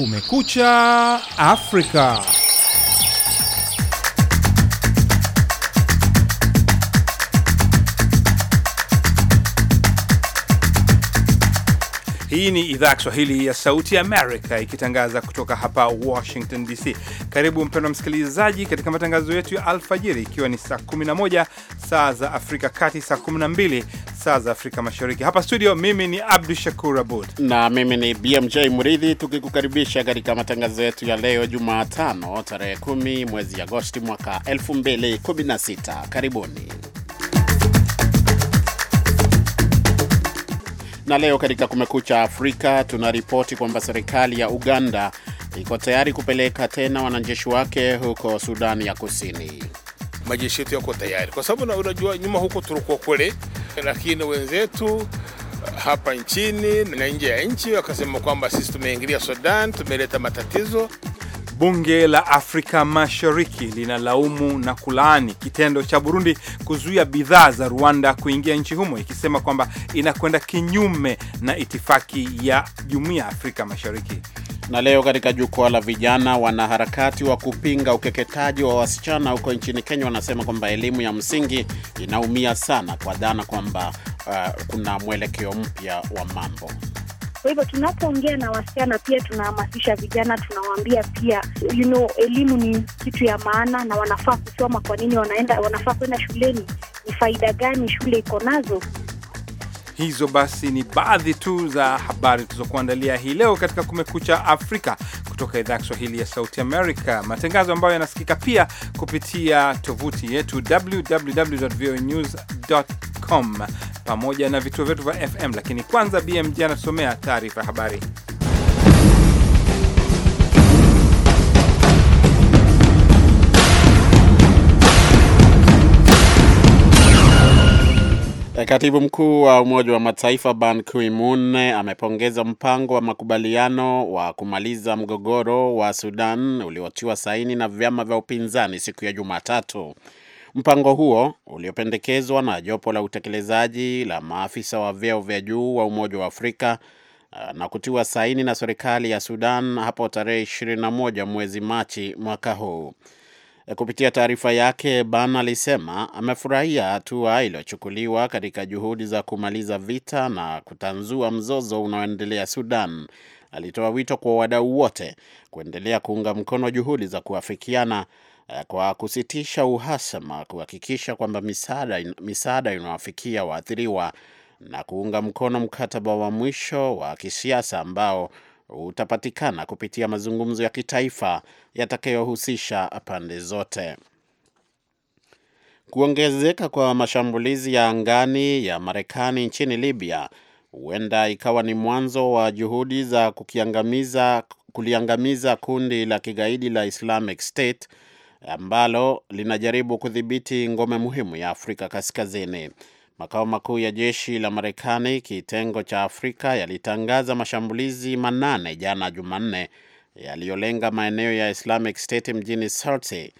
Kumekucha Afrika. Hii ni idhaa ya Kiswahili ya Sauti Amerika ikitangaza kutoka hapa Washington DC. Karibu mpendwa msikilizaji, katika matangazo yetu ya alfajiri, ikiwa ni saa 11 saa za Afrika Kati, saa 12 saa za Afrika Mashariki. Hapa studio, mimi ni Abdu Shakur Abud na mimi ni BMJ Muridhi, tukikukaribisha katika matangazo yetu ya leo Jumatano tarehe 10 mwezi Agosti mwaka 2016. Karibuni. Na leo katika Kumekucha Afrika tunaripoti kwamba serikali ya Uganda iko tayari kupeleka tena wanajeshi wake huko Sudani ya Kusini. Majeshi yetu yako tayari, kwa sababu unajua nyuma huko tulikuwa kule, lakini wenzetu eh, hapa nchini na nje ya nchi wakasema kwamba sisi tumeingilia Sudan, tumeleta matatizo. Bunge la Afrika Mashariki linalaumu na kulaani kitendo cha Burundi kuzuia bidhaa za Rwanda kuingia nchi humo, ikisema kwamba inakwenda kinyume na itifaki ya Jumuiya ya Afrika Mashariki. Na leo katika jukwaa la vijana, wanaharakati wa kupinga ukeketaji wa wasichana huko nchini Kenya wanasema kwamba elimu ya msingi inaumia sana kwa dhana kwamba uh, kuna mwelekeo mpya wa mambo. Kwa hivyo tunapoongea na wasichana pia tunahamasisha vijana, tunawaambia pia you know, elimu ni kitu ya maana na wanafaa kusoma. Kwa nini wanaenda, wanafaa kwenda shuleni? Ni faida gani shule iko nazo? Hizo basi ni baadhi tu za habari tulizokuandalia hii leo katika Kumekucha Afrika kutoka idhaa ya Kiswahili ya Sauti Amerika, matangazo ambayo yanasikika pia kupitia tovuti yetu www pamoja na vituo vyetu vya FM, lakini kwanza BMJ anatusomea taarifa ya habari. E, katibu mkuu wa Umoja wa Mataifa Ban Ki-moon amepongeza mpango wa makubaliano wa kumaliza mgogoro wa Sudan uliotiwa saini na vyama vya upinzani siku ya Jumatatu. Mpango huo uliopendekezwa na jopo la utekelezaji la maafisa wa vyeo vya juu wa Umoja wa Afrika eh, na kutiwa saini na serikali ya Sudan hapo tarehe 21 mwezi Machi mwaka huu. Eh, kupitia taarifa yake, Ban alisema amefurahia hatua iliyochukuliwa katika juhudi za kumaliza vita na kutanzua mzozo unaoendelea Sudan. Alitoa wito kwa wadau wote kuendelea kuunga mkono juhudi za kuafikiana Eh, kwa kusitisha uhasama, kuhakikisha kwamba misaada inawafikia waathiriwa na kuunga mkono mkataba wa mwisho wa kisiasa ambao utapatikana kupitia mazungumzo ya kitaifa yatakayohusisha pande zote. Kuongezeka kwa mashambulizi ya angani ya Marekani nchini Libya huenda ikawa ni mwanzo wa juhudi za kukiangamiza kuliangamiza kundi la kigaidi la Islamic State ambalo linajaribu kudhibiti ngome muhimu ya Afrika Kaskazini. Makao makuu ya jeshi la Marekani kitengo cha Afrika yalitangaza mashambulizi manane jana Jumanne yaliyolenga maeneo ya Islamic State mjini Sirte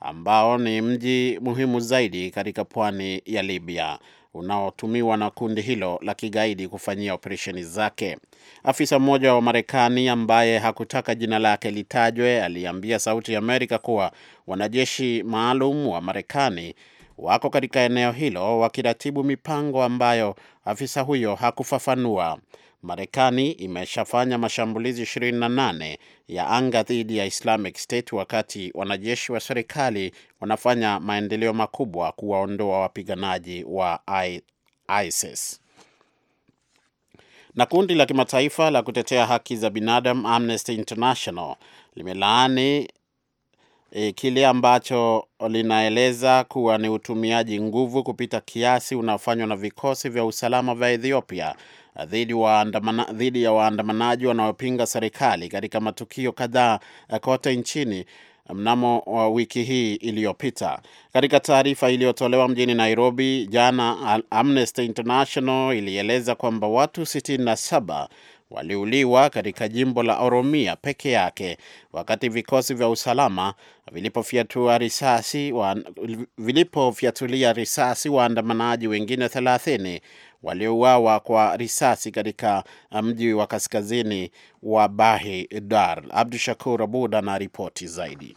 ambao ni mji muhimu zaidi katika pwani ya Libya unaotumiwa na kundi hilo la kigaidi kufanyia operesheni zake. Afisa mmoja wa Marekani ambaye hakutaka jina lake litajwe aliambia Sauti ya Amerika kuwa wanajeshi maalum wa Marekani wako katika eneo hilo wakiratibu mipango ambayo afisa huyo hakufafanua. Marekani imeshafanya mashambulizi 28 ya anga dhidi ya Islamic State wakati wanajeshi wa serikali wanafanya maendeleo makubwa kuwaondoa wapiganaji wa ISIS. Na kundi la kimataifa la kutetea haki za binadamu Amnesty International limelaani e, kile ambacho linaeleza kuwa ni utumiaji nguvu kupita kiasi unaofanywa na vikosi vya usalama vya Ethiopia dhidi dhidi ya waandamanaji wanaopinga serikali katika matukio kadhaa kote nchini mnamo wa wiki hii iliyopita. Katika taarifa iliyotolewa mjini Nairobi jana, Amnesty International ilieleza kwamba watu 67 waliuliwa katika jimbo la Oromia peke yake wakati vikosi vya usalama vilipofyatulia risasi, wa, vilipofyatulia risasi waandamanaji wengine 30 waliouawa kwa risasi katika uh, mji wa kaskazini wa Bahi Dar. Abdu Shakur Abud ana ripoti zaidi.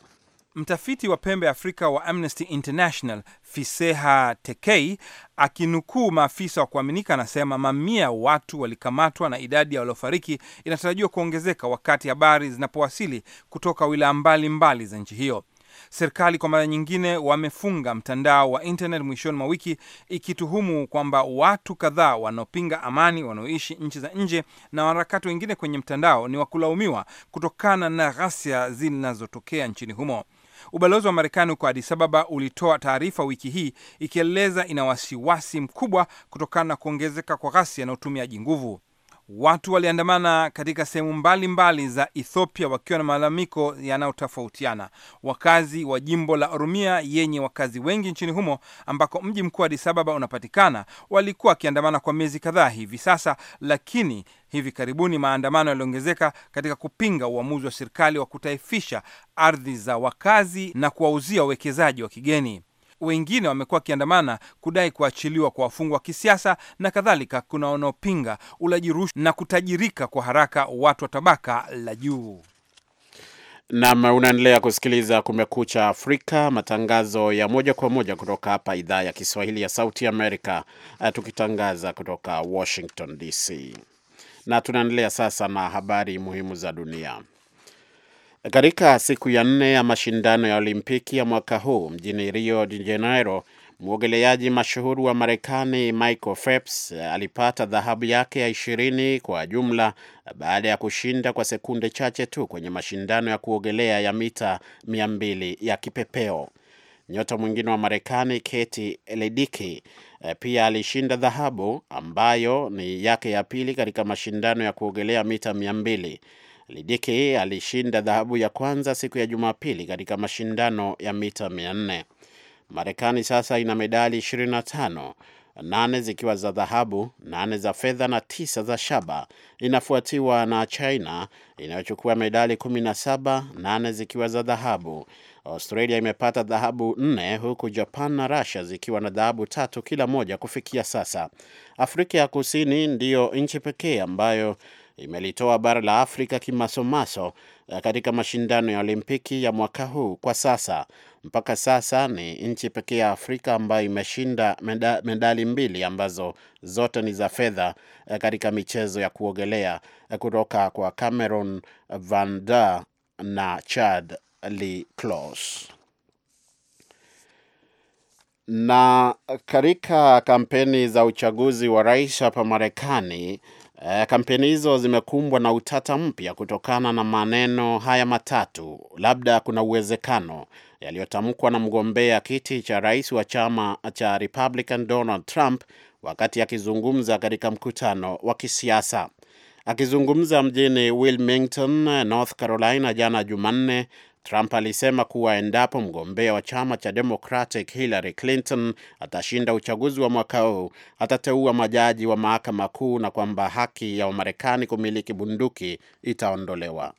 Mtafiti wa pembe Afrika wa Amnesty International Fiseha Tekei akinukuu maafisa wa kuaminika anasema mamia watu walikamatwa na idadi ya waliofariki inatarajiwa kuongezeka wakati habari zinapowasili kutoka wilaya mbalimbali za nchi hiyo. Serikali kwa mara nyingine wamefunga mtandao wa internet mwishoni mwa wiki, ikituhumu kwamba watu kadhaa wanaopinga amani wanaoishi nchi za nje na wanarakati wengine kwenye mtandao ni wakulaumiwa kutokana na ghasia zinazotokea nchini humo. Ubalozi wa Marekani huko Addis Ababa ulitoa taarifa wiki hii ikieleza ina wasiwasi mkubwa kutokana na kuongezeka kwa ghasia na utumiaji nguvu. Watu waliandamana katika sehemu mbalimbali za Ethiopia wakiwa na malalamiko yanayotofautiana. Wakazi wa jimbo la Oromia yenye wakazi wengi nchini humo, ambako mji mkuu wa Addis Ababa unapatikana, walikuwa wakiandamana kwa miezi kadhaa hivi sasa, lakini hivi karibuni maandamano yaliongezeka katika kupinga uamuzi wa serikali wa kutaifisha ardhi za wakazi na kuwauzia wawekezaji wa kigeni. Wengine wamekuwa wakiandamana kudai kuachiliwa kwa wafungwa wa kisiasa na kadhalika. Kuna wanaopinga ulaji rushwa na kutajirika kwa haraka watu wa tabaka la juu. Nam, unaendelea kusikiliza Kumekucha Afrika, matangazo ya moja kwa moja kutoka hapa idhaa ya Kiswahili ya Sauti Amerika, eh, tukitangaza kutoka Washington DC. Na tunaendelea sasa na habari muhimu za dunia. Katika siku ya nne ya mashindano ya Olimpiki ya mwaka huu mjini Rio de Janeiro, mwogeleaji mashuhuru wa Marekani Michael Phelps alipata dhahabu yake ya ishirini kwa jumla baada ya kushinda kwa sekunde chache tu kwenye mashindano ya kuogelea ya mita mia mbili ya kipepeo. Nyota mwingine wa Marekani Katie Ledecky eh, pia alishinda dhahabu ambayo ni yake ya pili katika mashindano ya kuogelea mita mia mbili. Lidiki alishinda dhahabu ya kwanza siku ya Jumapili katika mashindano ya mita 400. Marekani sasa ina medali 25, nane zikiwa za dhahabu, nane za fedha na tisa za shaba. Inafuatiwa na China inayochukua medali 17, nane zikiwa za dhahabu. Australia imepata dhahabu nne huku Japan na Russia zikiwa na dhahabu tatu kila moja kufikia sasa. Afrika ya Kusini ndiyo nchi pekee ambayo imelitoa bara la Afrika kimasomaso eh, katika mashindano ya Olimpiki ya mwaka huu. Kwa sasa, mpaka sasa ni nchi pekee ya Afrika ambayo imeshinda meda, medali mbili ambazo zote ni za fedha eh, katika michezo ya kuogelea eh, kutoka kwa Cameron Vanda na Chad Lee clos Na katika kampeni za uchaguzi wa rais hapa Marekani, E, kampeni hizo zimekumbwa na utata mpya kutokana na maneno haya matatu, labda kuna uwezekano, yaliyotamkwa na mgombea kiti cha rais wa chama cha Republican Donald Trump wakati akizungumza katika mkutano wa kisiasa. Akizungumza mjini Wilmington, North Carolina jana Jumanne, Trump alisema kuwa endapo mgombea wa chama cha Democratic Hillary Clinton atashinda uchaguzi wa mwaka huu atateua majaji wa mahakama kuu na kwamba haki ya Wamarekani kumiliki bunduki itaondolewa.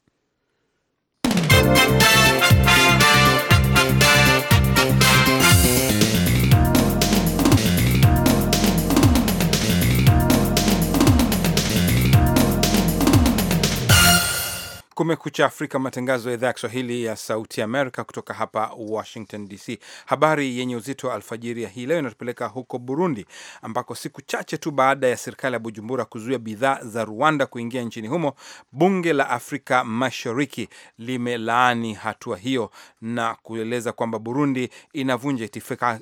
Kumekucha Afrika, matangazo ya idhaa ya Kiswahili ya Sauti Amerika kutoka hapa Washington DC. Habari yenye uzito wa alfajiri ya hii leo inatupeleka huko Burundi, ambako siku chache tu baada ya serikali ya Bujumbura kuzuia bidhaa za Rwanda kuingia nchini humo, bunge la Afrika Mashariki limelaani hatua hiyo na kueleza kwamba Burundi inavunja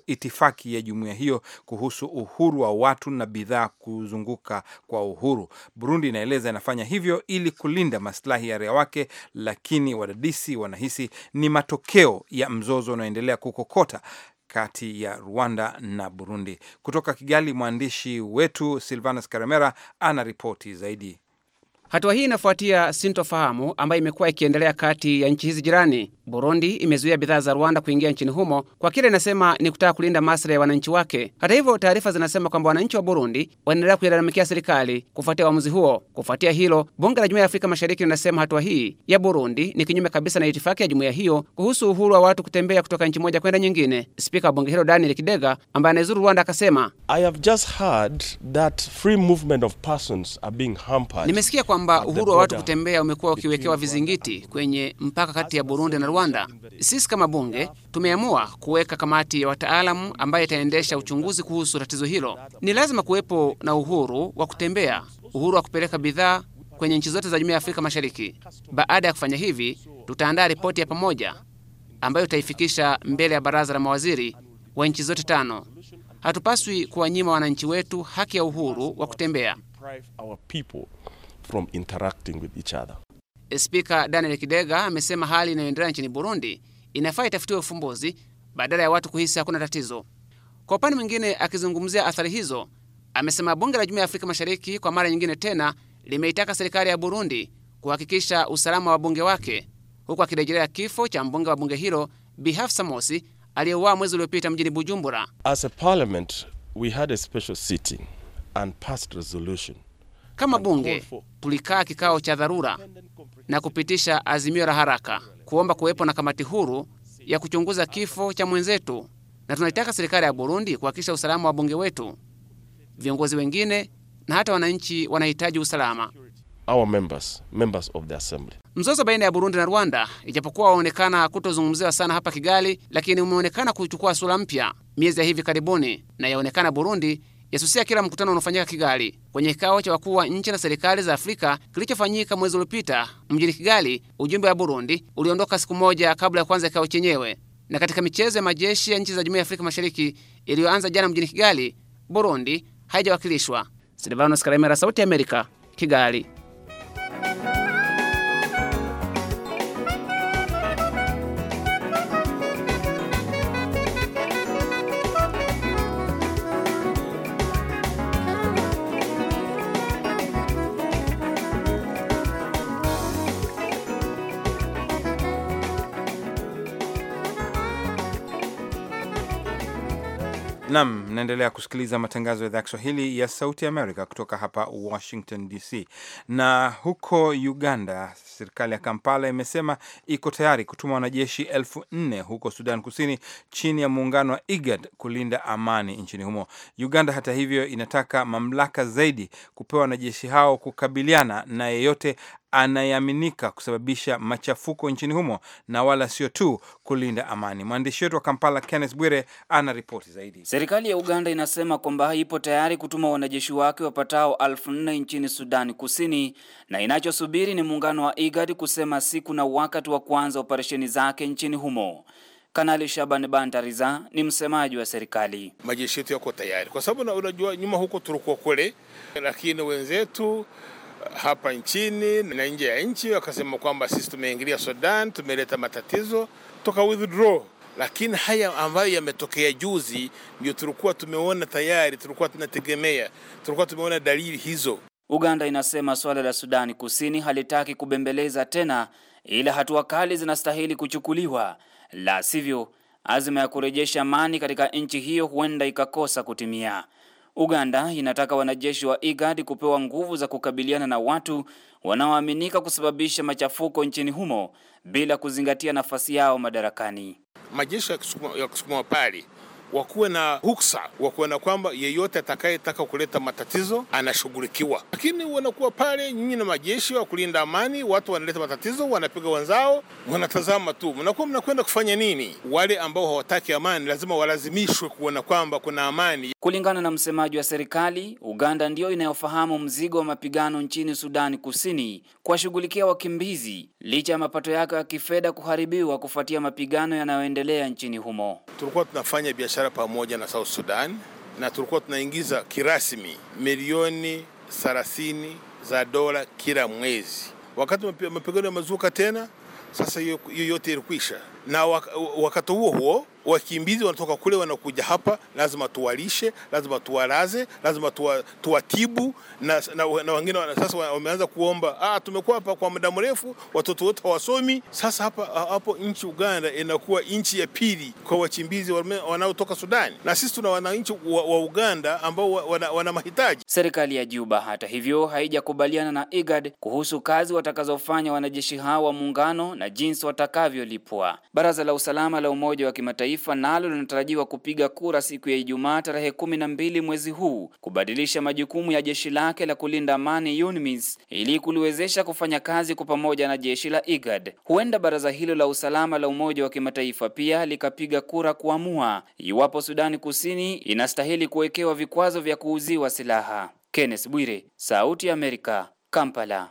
itifaki ya jumuiya hiyo kuhusu uhuru wa watu na bidhaa kuzunguka kwa uhuru. Burundi inaeleza inafanya hivyo ili kulinda maslahi ya raia wake, lakini wadadisi wanahisi ni matokeo ya mzozo unaoendelea kukokota kati ya Rwanda na Burundi. Kutoka Kigali, mwandishi wetu Silvanus Karemera ana ripoti zaidi. Hatua hii inafuatia sintofahamu ambayo imekuwa ikiendelea kati ya nchi hizi jirani. Burundi imezuia bidhaa za Rwanda kuingia nchini humo kwa kile inasema ni kutaka kulinda maslahi ya wananchi wake. Hata hivyo, taarifa zinasema kwamba wananchi wa Burundi wanaendelea kuilalamikia serikali kufuatia uamuzi huo. Kufuatia hilo, bunge la Jumuiya ya Afrika Mashariki linasema hatua hii ya Burundi ni kinyume kabisa na itifaki ya jumuiya hiyo kuhusu uhuru wa watu kutembea kutoka nchi moja kwenda nyingine. Spika wa bunge hilo Daniel Kidega, ambaye anaizuru Rwanda, akasema, I have just heard that free movement of persons are being hampered. Nimesikia kwamba uhuru wa watu kutembea umekuwa ukiwekewa vizingiti kwenye mpaka kati ya Burundi na Rwanda. Sisi kama bunge tumeamua kuweka kamati ya wataalamu ambayo itaendesha uchunguzi kuhusu tatizo hilo. Ni lazima kuwepo na uhuru wa kutembea, uhuru wa kupeleka bidhaa kwenye nchi zote za Jumuiya ya Afrika Mashariki. Baada ya kufanya hivi, tutaandaa ripoti ya pamoja ambayo itaifikisha mbele ya baraza la mawaziri wa nchi zote tano. Hatupaswi kuwanyima wananchi wetu haki ya uhuru wa kutembea from interacting with each other. Spika Daniel Kidega amesema hali inayoendelea nchini Burundi inafaa itafutiwe ufumbuzi badala ya watu kuhisi hakuna tatizo. Kwa upande mwingine, akizungumzia athari hizo, amesema bunge la Jumuiya ya Afrika Mashariki kwa mara nyingine tena limeitaka serikali ya Burundi kuhakikisha usalama wa bunge wake, huku akirejelea kifo cha mbunge wa bunge hilo Bi Hafsa Mosi aliyeuawa mwezi uliopita mjini Bujumbura. As a parliament, we had a special sitting and passed resolution kama bunge tulikaa kikao cha dharura na kupitisha azimio la haraka kuomba kuwepo na kamati huru ya kuchunguza kifo cha mwenzetu, na tunaitaka serikali ya Burundi kuhakikisha usalama wa bunge wetu, viongozi wengine na hata wananchi wanahitaji usalama. Our members, members of the assembly. Mzozo baina ya Burundi na Rwanda ijapokuwa waonekana kutozungumziwa sana hapa Kigali, lakini umeonekana kuchukua sura mpya miezi ya hivi karibuni, na yaonekana Burundi yasusia kila mkutano unaofanyika Kigali. Kwenye kikao cha wakuu wa nchi na serikali za Afrika kilichofanyika mwezi uliopita mjini Kigali, ujumbe wa Burundi uliondoka siku moja kabla ya kuanza kikao chenyewe. Na katika michezo ya majeshi ya nchi za Jumuiya ya Afrika Mashariki iliyoanza jana mjini Kigali, Burundi haijawakilishwa. Silvanos Karemera, Sauti ya Amerika, Kigali. Nam, mnaendelea kusikiliza matangazo ya idhaa ya Kiswahili ya Sauti Amerika kutoka hapa Washington DC. Na huko Uganda, serikali ya Kampala imesema iko tayari kutuma wanajeshi elfu nne huko Sudan Kusini chini ya muungano wa IGAD kulinda amani nchini humo. Uganda hata hivyo inataka mamlaka zaidi kupewa wanajeshi hao kukabiliana na yeyote anayeaminika kusababisha machafuko nchini humo na wala sio tu kulinda amani. Mwandishi wetu wa Kampala, Kenneth Bwire, ana ripoti zaidi. Serikali ya Uganda inasema kwamba ipo tayari kutuma wanajeshi wake wapatao elfu nne nchini Sudani Kusini, na inachosubiri ni muungano wa IGAD kusema siku na wakati wa kuanza operesheni zake nchini humo. Kanali Shaban Bantariza ni msemaji wa serikali. Majeshi yetu yako tayari, kwa sababu unajua nyuma huko tulikuwa kule, lakini wenzetu hapa nchini na nje ya nchi, wakasema kwamba sisi tumeingilia Sudan, tumeleta matatizo, toka withdraw. Lakini haya ambayo yametokea juzi ndio tulikuwa tumeona tayari, tulikuwa tunategemea, tulikuwa tumeona dalili hizo. Uganda inasema suala la Sudani Kusini halitaki kubembeleza tena, ila hatua kali zinastahili kuchukuliwa, la sivyo azma ya kurejesha amani katika nchi hiyo huenda ikakosa kutimia. Uganda inataka wanajeshi wa IGAD kupewa nguvu za kukabiliana na watu wanaoaminika kusababisha machafuko nchini humo bila kuzingatia nafasi yao madarakani. Majeshi ya kusukuma wapali wakuwe na huksa wa kuona kwamba yeyote atakayetaka kuleta matatizo anashughulikiwa, lakini wanakuwa pale nyinyi na majeshi wa kulinda amani, watu wanaleta matatizo, wanapiga wenzao, wanatazama tu, mnakuwa mnakwenda kufanya nini? Wale ambao hawataki amani lazima walazimishwe kuona kwamba kuna amani. Kulingana na msemaji wa serikali, Uganda ndiyo inayofahamu mzigo wa mapigano nchini Sudani Kusini kuwashughulikia wakimbizi licha ya mapato yake ya kifedha kuharibiwa kufuatia mapigano yanayoendelea nchini humo. Tulikuwa tunafanya biashara biashara pamoja na South Sudan, na tulikuwa tunaingiza kirasmi milioni 30 za dola kila mwezi. Wakati mapigano ya mazuka tena, sasa hiyo yote ilikwisha, na wakati huo huo wakimbizi wanatoka kule wanakuja hapa, lazima tuwalishe, lazima tuwalaze, lazima tuwatibu na, na, na wengine sasa wameanza kuomba ah, tumekuwa hapa kwa muda mrefu, watoto wote hawasomi. Sasa hapa hapo nchi Uganda inakuwa nchi ya pili kwa wakimbizi wanaotoka Sudani, na sisi tuna wananchi wa, wa Uganda ambao wana, wana mahitaji. Serikali ya Juba hata hivyo haijakubaliana na IGAD kuhusu kazi watakazofanya wanajeshi hao wa muungano na jinsi watakavyolipwa. Baraza la usalama la Umoja wa Kimataifa taifa nalo linatarajiwa kupiga kura siku ya Ijumaa tarehe kumi na mbili mwezi huu kubadilisha majukumu ya jeshi lake la kulinda amani UNMISS ili kuliwezesha kufanya kazi kwa pamoja na jeshi la IGAD. Huenda baraza hilo la usalama la Umoja wa Kimataifa pia likapiga kura kuamua iwapo Sudani Kusini inastahili kuwekewa vikwazo vya kuuziwa silaha. Kenneth Bwire, Sauti ya Amerika, Kampala.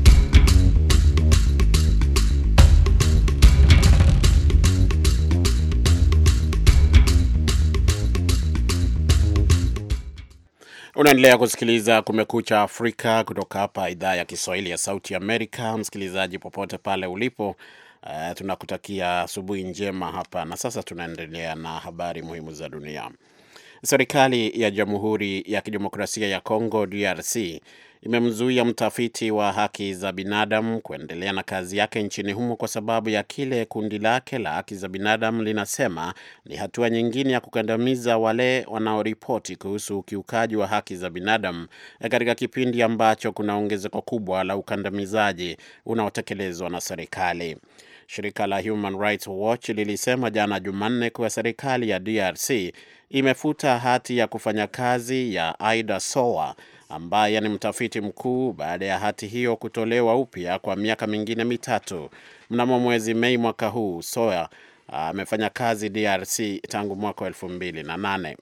Unaendelea kusikiliza Kumekucha Afrika kutoka hapa idhaa ya Kiswahili ya Sauti Amerika. Msikilizaji popote pale ulipo, uh, tunakutakia asubuhi njema hapa na sasa. Tunaendelea na habari muhimu za dunia. Serikali ya Jamhuri ya Kidemokrasia ya congo DRC imemzuia mtafiti wa haki za binadamu kuendelea na kazi yake nchini humo kwa sababu ya kile kundi lake la haki za binadamu linasema ni hatua nyingine ya kukandamiza wale wanaoripoti kuhusu ukiukaji wa haki za binadamu eh, katika kipindi ambacho kuna ongezeko kubwa la ukandamizaji unaotekelezwa na serikali. Shirika la Human Rights Watch lilisema jana Jumanne kuwa serikali ya DRC imefuta hati ya kufanya kazi ya Aida Sowa ambaye ni mtafiti mkuu baada ya hati hiyo kutolewa upya kwa miaka mingine mitatu. Mnamo mwezi Mei mwaka huu, soa amefanya kazi DRC tangu mwaka wa elfu mbili na nane.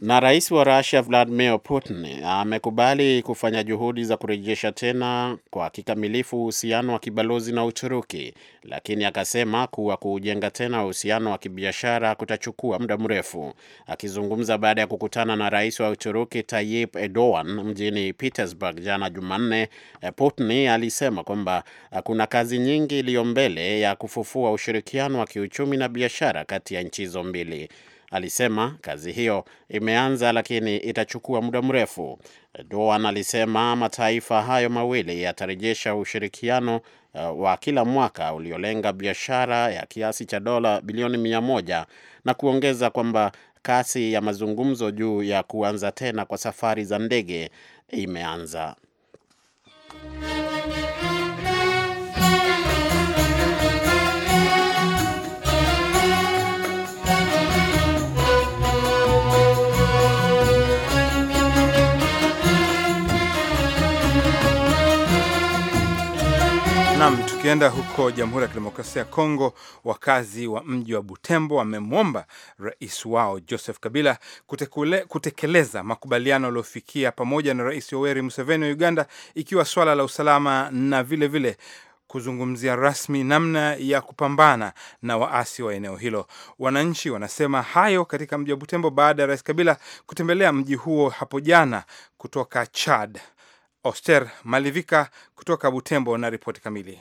Na rais wa Russia Vladimir Putin amekubali kufanya juhudi za kurejesha tena kwa kikamilifu uhusiano wa kibalozi na Uturuki, lakini akasema kuwa kuujenga tena uhusiano wa kibiashara kutachukua muda mrefu. Akizungumza baada ya kukutana na rais wa Uturuki Tayyip Erdogan mjini Petersburg jana Jumanne, Putin alisema kwamba kuna kazi nyingi iliyo mbele ya kufufua ushirikiano wa kiuchumi na biashara kati ya nchi hizo mbili alisema kazi hiyo imeanza, lakini itachukua muda mrefu. Doan alisema mataifa hayo mawili yatarejesha ushirikiano uh, wa kila mwaka uliolenga biashara ya kiasi cha dola bilioni mia moja na kuongeza kwamba kasi ya mazungumzo juu ya kuanza tena kwa safari za ndege imeanza. Naam, tukienda huko Jamhuri ya Kidemokrasia ya Kongo, wakazi wa mji wa Butembo wamemwomba rais wao Joseph Kabila kutekule, kutekeleza makubaliano yaliyofikia pamoja na Rais Yoweri Museveni wa Uganda, ikiwa swala la usalama na vilevile vile kuzungumzia rasmi namna ya kupambana na waasi wa eneo hilo. Wananchi wanasema hayo katika mji wa Butembo baada ya Rais Kabila kutembelea mji huo hapo jana kutoka Chad. Oster Malivika kutoka Butembo na ripoti kamili.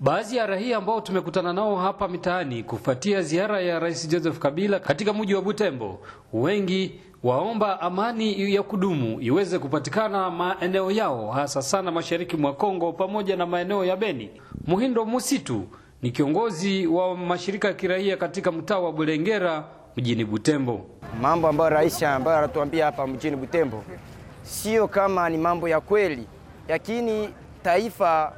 Baadhi ya raia ambao tumekutana nao hapa mitaani kufuatia ziara ya Rais Joseph Kabila katika mji wa Butembo, wengi waomba amani ya kudumu iweze kupatikana maeneo yao, hasa sana mashariki mwa Kongo pamoja na maeneo ya Beni. Muhindo Musitu ni kiongozi wa mashirika ya kiraia katika mtaa wa Bulengera mjini Butembo. Mambo ambayo rais ambayo anatuambia hapa mjini Butembo sio kama ni mambo ya kweli, lakini taifa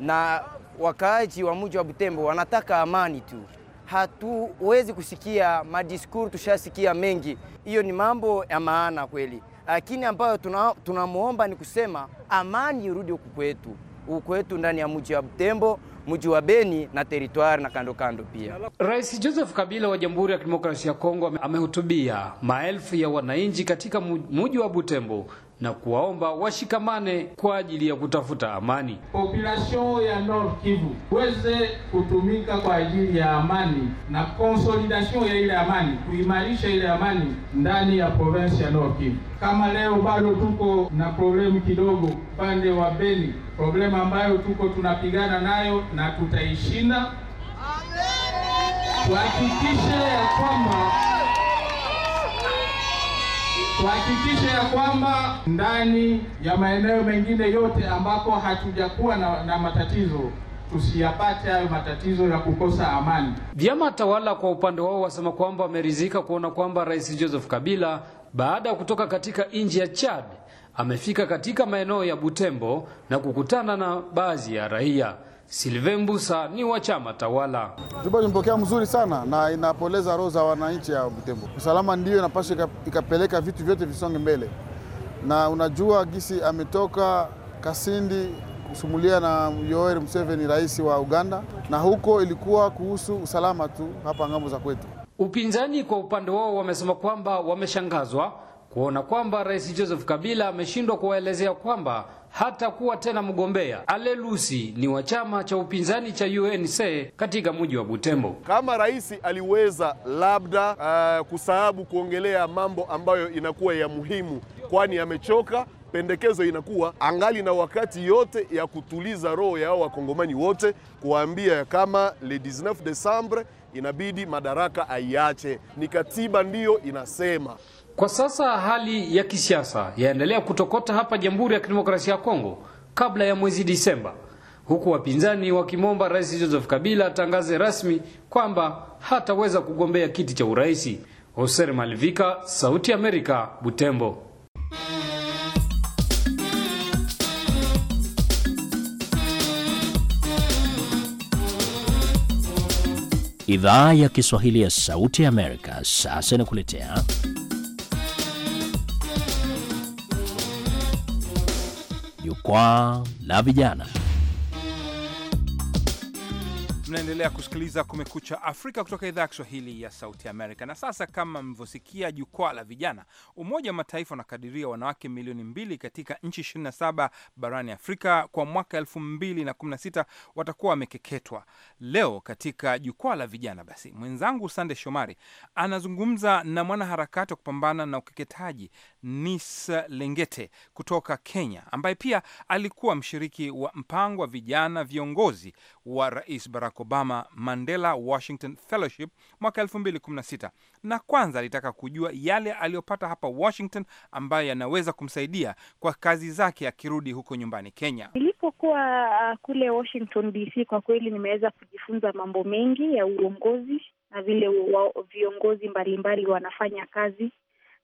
na wakaaji wa mji wa Butembo wanataka amani tu. Hatuwezi kusikia madiskuru, tushasikia mengi. Hiyo ni mambo ya maana kweli, lakini ambayo tunamwomba tuna ni kusema amani irudi huku kwetu huku kwetu ndani ya mji wa Butembo, mji wa Beni na teritwari na kando kando pia. Rais Joseph Kabila wa Jamhuri ya Kidemokrasia ya Kongo amehutubia maelfu ya wananchi katika mji wa Butembo na kuwaomba washikamane kwa ajili ya kutafuta amani. Population ya North Kivu weze kutumika kwa ajili ya amani na konsolidation ya ile amani, kuimarisha ile amani ndani ya province ya North Kivu. Kama leo bado tuko na problemu kidogo upande wa Beni, problemu ambayo tuko tunapigana nayo na tutaishinda. Tuhakikishe ya kwamba tuhakikishe ya kwamba ndani ya maeneo mengine yote ambako hatujakuwa na, na matatizo tusiyapate hayo matatizo ya kukosa amani. Vyama tawala kwa upande wao wasema kwamba wameridhika kuona kwamba Rais Joseph Kabila baada ya kutoka katika nchi ya Chad amefika katika maeneo ya Butembo na kukutana na baadhi ya raia silve Mbusa ni wa chama tawala. Juba nimepokea mzuri sana na inapoleza roho za wananchi ya Butembo. Usalama ndiyo inapaswa ikapeleka vitu vyote visonge mbele, na unajua gisi ametoka Kasindi kusumulia na Yoweri Museveni, rais wa Uganda, na huko ilikuwa kuhusu usalama tu hapa ngambo za kwetu. Upinzani kwa upande wao wamesema kwamba wameshangazwa kuona kwamba Rais Joseph Kabila ameshindwa kuwaelezea kwamba hata kuwa tena mgombea. Ale Lusi ni wa chama cha upinzani cha UNC katika mji wa Butembo. Kama rais aliweza labda uh, eh, kusahabu kuongelea mambo ambayo inakuwa ya muhimu, kwani amechoka pendekezo inakuwa angali na wakati yote ya kutuliza roho ya wakongomani wote, kuwaambia kama le 19 Desembre inabidi madaraka aiache, ni katiba ndiyo inasema. Kwa sasa hali ya kisiasa yaendelea kutokota hapa Jamhuri ya Kidemokrasia ya Kongo kabla ya mwezi Disemba, huku wapinzani wakimwomba Rais Joseph Kabila atangaze rasmi kwamba hataweza kugombea kiti cha uraisi. Hoser Malvika, Sauti ya Amerika, Butembo. Idhaa ya Kiswahili ya Sauti ya Amerika sasa inakuletea jukwaa la vijana. Tunaendelea kusikiliza Kumekucha Afrika kutoka idhaa ya Kiswahili ya Sauti Amerika. Na sasa, kama mlivyosikia jukwaa la vijana, Umoja wa Mataifa unakadiria wanawake milioni mbili katika nchi 27 barani Afrika kwa mwaka 2016 watakuwa wamekeketwa. Leo katika jukwaa la vijana, basi mwenzangu Sande Shomari anazungumza na mwanaharakati wa kupambana na ukeketaji Nis Lengete kutoka Kenya, ambaye pia alikuwa mshiriki wa mpango wa vijana viongozi wa Rais Barack Obama Mandela Washington Fellowship mwaka 2016 na kwanza alitaka kujua yale aliyopata hapa Washington ambayo yanaweza kumsaidia kwa kazi zake akirudi huko nyumbani Kenya. Nilipokuwa uh, kule Washington DC, kwa kweli nimeweza kujifunza mambo mengi ya uongozi na vile viongozi mbalimbali wanafanya kazi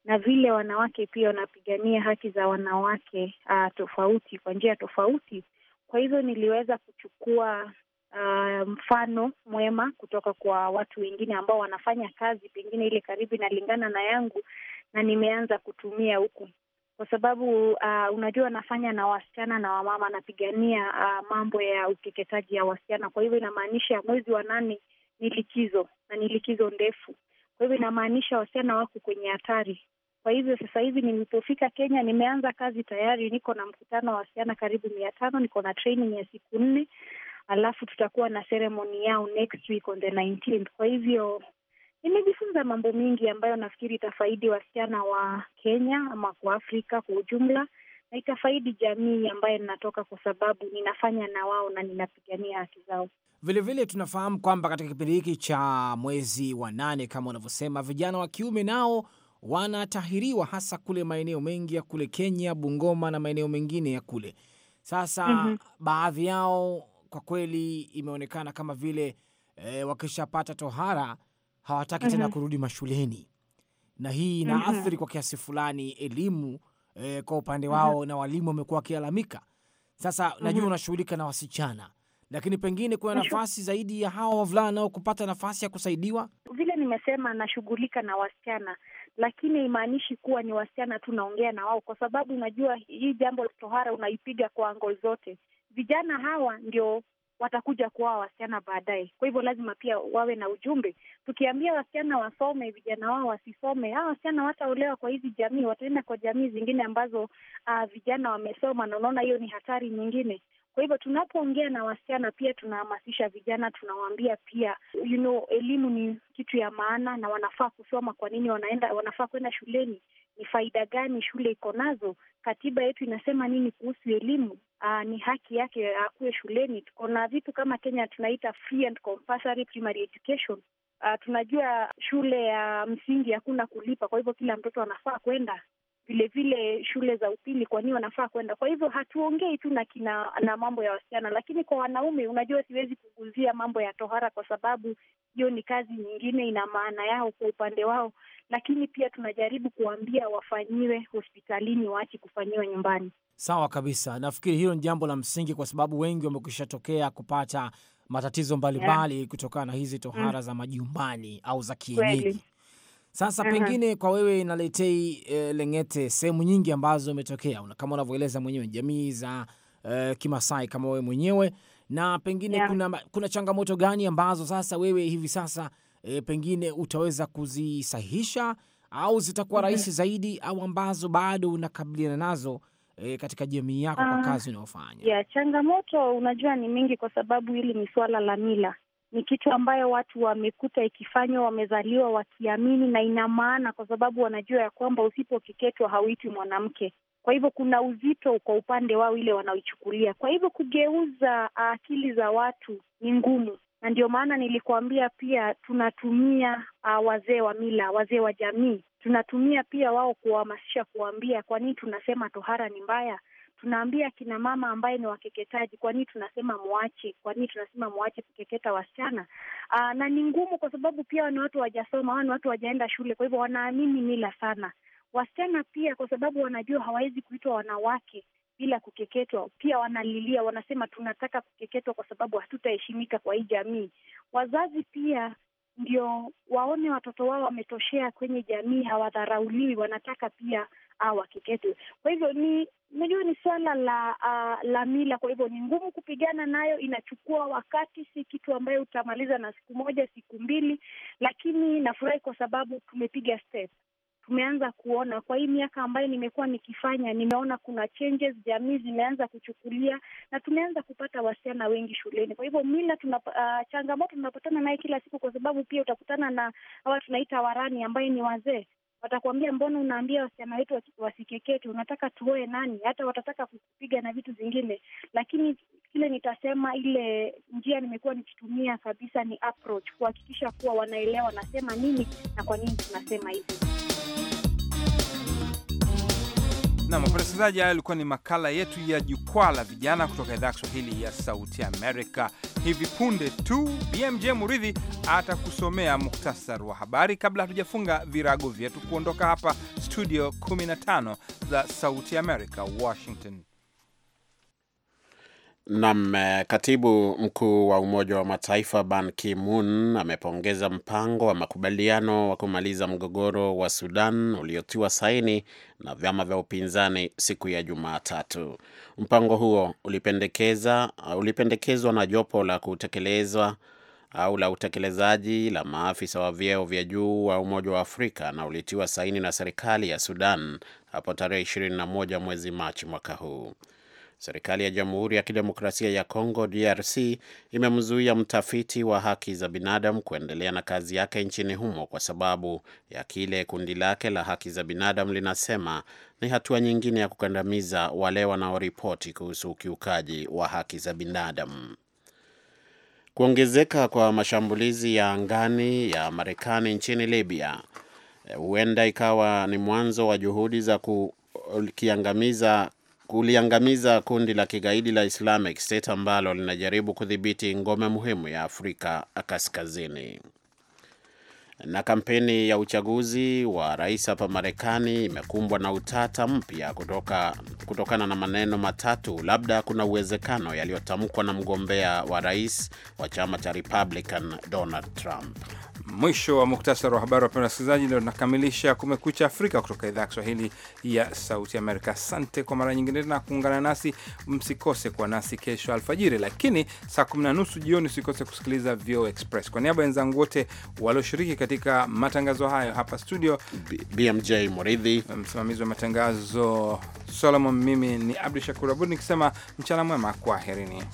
na vile wanawake pia wanapigania haki za wanawake uh, tofauti kwa njia tofauti. Kwa hivyo niliweza kuchukua uh, mfano mwema kutoka kwa watu wengine ambao wanafanya kazi pengine ile karibu inalingana na yangu, na nimeanza kutumia huku kwa sababu uh, unajua nafanya na wasichana na wamama, napigania uh, mambo ya ukeketaji ya wasichana. Kwa hivyo inamaanisha mwezi wa nane ni likizo na ni likizo ndefu, kwa hivyo inamaanisha wasichana wako kwenye hatari. Kwa hivyo sasa hivi nilipofika Kenya, nimeanza kazi tayari, niko na mkutano wa wasichana karibu mia tano, niko na training ya siku nne alafu tutakuwa na seremoni yao next week on the 19th. Kwa hivyo nimejifunza mambo mingi ambayo nafikiri itafaidi wasichana wa Kenya ama kwa Afrika kwa ujumla, na itafaidi jamii ambayo ninatoka, kwa sababu ninafanya na wao na ninapigania haki zao. Vilevile tunafahamu kwamba katika kipindi hiki cha mwezi wa nane kama unavyosema, vijana wa kiume nao wanatahiriwa hasa kule maeneo mengi ya kule Kenya, Bungoma na maeneo mengine ya kule sasa. mm -hmm. Baadhi yao kwa kweli imeonekana kama vile e, wakishapata tohara hawataki tena mhm. kurudi mashuleni, na hii inaathiri mhm. kwa kiasi fulani elimu e, kwa upande mhm. wao, na walimu wamekuwa wakilalamika. Sasa najua unashughulika na wasichana lakini pengine kuna nafasi zaidi ya hawa wavulana nao kupata nafasi ya kusaidiwa. Vile nimesema, nashughulika na wasichana, lakini haimaanishi kuwa ni wasichana tu naongea na wao, kwa sababu unajua hii jambo la tohara unaipiga kwa ngo zote vijana hawa ndio watakuja kuwa wasichana baadaye. Kwa hivyo lazima pia wawe na ujumbe. Tukiambia wasichana wasome, vijana wao wasisome, hawa wasichana wataolewa kwa hizi jamii, wataenda kwa jamii zingine ambazo uh, vijana wamesoma, na unaona hiyo ni hatari nyingine. Kwa hivyo tunapoongea na wasichana pia tunahamasisha vijana, tunawaambia pia you know, elimu ni kitu ya maana na wanafaa kusoma. Kwa nini wanaenda, wanafaa kwenda shuleni? ni faida gani shule iko nazo? Katiba yetu inasema nini kuhusu elimu? Aa, ah, ni haki yake akuwe shuleni. Tuko na vitu kama Kenya tunaita free and compulsory primary education. Aa, ah, tunajua shule ya msingi hakuna kulipa, kwa hivyo kila mtoto anafaa kwenda vilevile shule za upili, nini wanafaa kwenda. Kwa hivyo hatuongei tu na kina na mambo ya wasichana, lakini kwa wanaume, unajua siwezi kuguzia mambo ya tohara kwa sababu hiyo ni kazi nyingine, ina maana yao kwa upande wao, lakini pia tunajaribu kuambia wafanyiwe hospitalini, waache kufanyiwa nyumbani. Sawa kabisa, nafikiri hilo ni jambo la msingi, kwa sababu wengi wamekwisha tokea kupata matatizo mbalimbali yeah, kutokana na hizi tohara mm, za majumbani au za kienyeji. Sasa uh-huh. Pengine kwa wewe inaletei e, Lengete, sehemu nyingi ambazo umetokea kama unavyoeleza mwenyewe jamii za e, Kimasai kama wewe mwenyewe na pengine yeah. Kuna, kuna changamoto gani ambazo sasa wewe hivi sasa e, pengine utaweza kuzisahisha au zitakuwa mhm. rahisi zaidi au ambazo bado unakabiliana nazo e, katika jamii yako uh, kwa ah. kazi unayofanya? Yeah, changamoto unajua ni mingi kwa sababu hili ni swala la mila ni kitu ambayo watu wamekuta ikifanywa, wamezaliwa wakiamini, na ina maana kwa sababu wanajua ya kwamba usipokeketwa hauiti mwanamke. Kwa hivyo kuna uzito kwa upande wao ile wanaoichukulia. Kwa hivyo kugeuza ah, akili za watu ni ngumu, na ndio maana nilikuambia pia tunatumia uh, wazee wa mila, wazee wa jamii, tunatumia pia wao kuwahamasisha, kuwaambia kwa nini tunasema tohara ni mbaya tunaambia kina mama ambaye ni wakeketaji, kwa nini tunasema mwache? Kwa nini tunasema mwache kukeketa wasichana? Aa, ah, na ni ngumu kwa sababu pia ni watu wajasoma, wao ni watu wajaenda shule, kwa hivyo wanaamini mila sana. Wasichana pia kwa sababu wanajua hawawezi kuitwa wanawake bila kukeketwa, pia wanalilia, wanasema tunataka kukeketwa kwa sababu hatutaheshimika kwa hii jamii. Wazazi pia ndio waone watoto wao wametoshea kwenye jamii, hawadharauliwi, wanataka pia au akiketi. Kwa hivyo ni najua ni swala la uh, la mila, kwa hivyo ni ngumu kupigana nayo, inachukua wakati, si kitu ambayo utamaliza na siku moja siku mbili, lakini nafurahi kwa sababu tumepiga step tumeanza kuona kwa hii miaka ambayo nimekuwa nikifanya, nimeona kuna changes, jamii zimeanza kuchukulia na tumeanza kupata wasichana wengi shuleni. Kwa hivyo mila tuna, uh, ah, changamoto tunapatana naye kila siku, kwa sababu pia utakutana na hawa tunaita warani ambaye ni wazee watakuambia mbona unaambia wasichana wetu wasikeketi unataka tuoe nani? Hata watataka kupiga na vitu vingine. Lakini kile nitasema, ile njia nimekuwa nikitumia kabisa ni approach, kuhakikisha kuwa wanaelewa nasema nini na kwa nini tunasema hivi. Nam skilizaji, hayo ilikuwa ni makala yetu ya jukwaa la vijana kutoka idhaa ya Kiswahili ya Sauti Amerika. Hivi punde tu BMJ Muridhi atakusomea muktasar wa habari kabla hatujafunga virago vyetu kuondoka hapa studio 15 za Sauti Amerika, Washington. Nam eh, katibu mkuu wa Umoja wa Mataifa Ban Ki-moon amepongeza mpango wa makubaliano wa kumaliza mgogoro wa Sudan uliotiwa saini na vyama vya upinzani siku ya Jumatatu. Mpango huo ulipendekeza uh, ulipendekezwa na jopo la kutekelezwa au la utekelezaji la maafisa wa vyeo vya juu wa Umoja wa Afrika na ulitiwa saini na serikali ya Sudan hapo tarehe 21 mwezi Machi mwaka huu. Serikali ya Jamhuri ya Kidemokrasia ya Kongo DRC imemzuia mtafiti wa haki za binadamu kuendelea na kazi yake nchini humo kwa sababu ya kile kundi lake la haki za binadamu linasema ni hatua nyingine ya kukandamiza wale wanaoripoti kuhusu ukiukaji wa haki za binadamu. Kuongezeka kwa mashambulizi ya angani ya Marekani nchini Libya eh, huenda ikawa ni mwanzo wa juhudi za kukiangamiza kuliangamiza kundi la kigaidi la Islamic State ambalo linajaribu kudhibiti ngome muhimu ya Afrika Kaskazini. Na kampeni ya uchaguzi wa rais hapa Marekani imekumbwa na utata mpya kutoka, kutokana na maneno matatu labda kuna uwezekano yaliyotamkwa na mgombea wa rais wa chama cha Republican Donald Trump. Mwisho wa muktasari wa habari. Wapenda wasikilizaji, leo tunakamilisha Kumekucha Afrika kutoka idhaa ya Kiswahili ya Sauti Amerika. Asante kwa mara nyingine tena kuungana nasi. Msikose kuwa nasi kesho alfajiri, lakini saa kumi na nusu jioni usikose kusikiliza VOA Express. Kwa niaba ya wenzangu wote walioshiriki katika matangazo hayo hapa studio, BMJ Muridhi msimamizi wa matangazo Solomon, mimi ni Abdu Shakur Abud nikisema mchana mwema, kwaherini.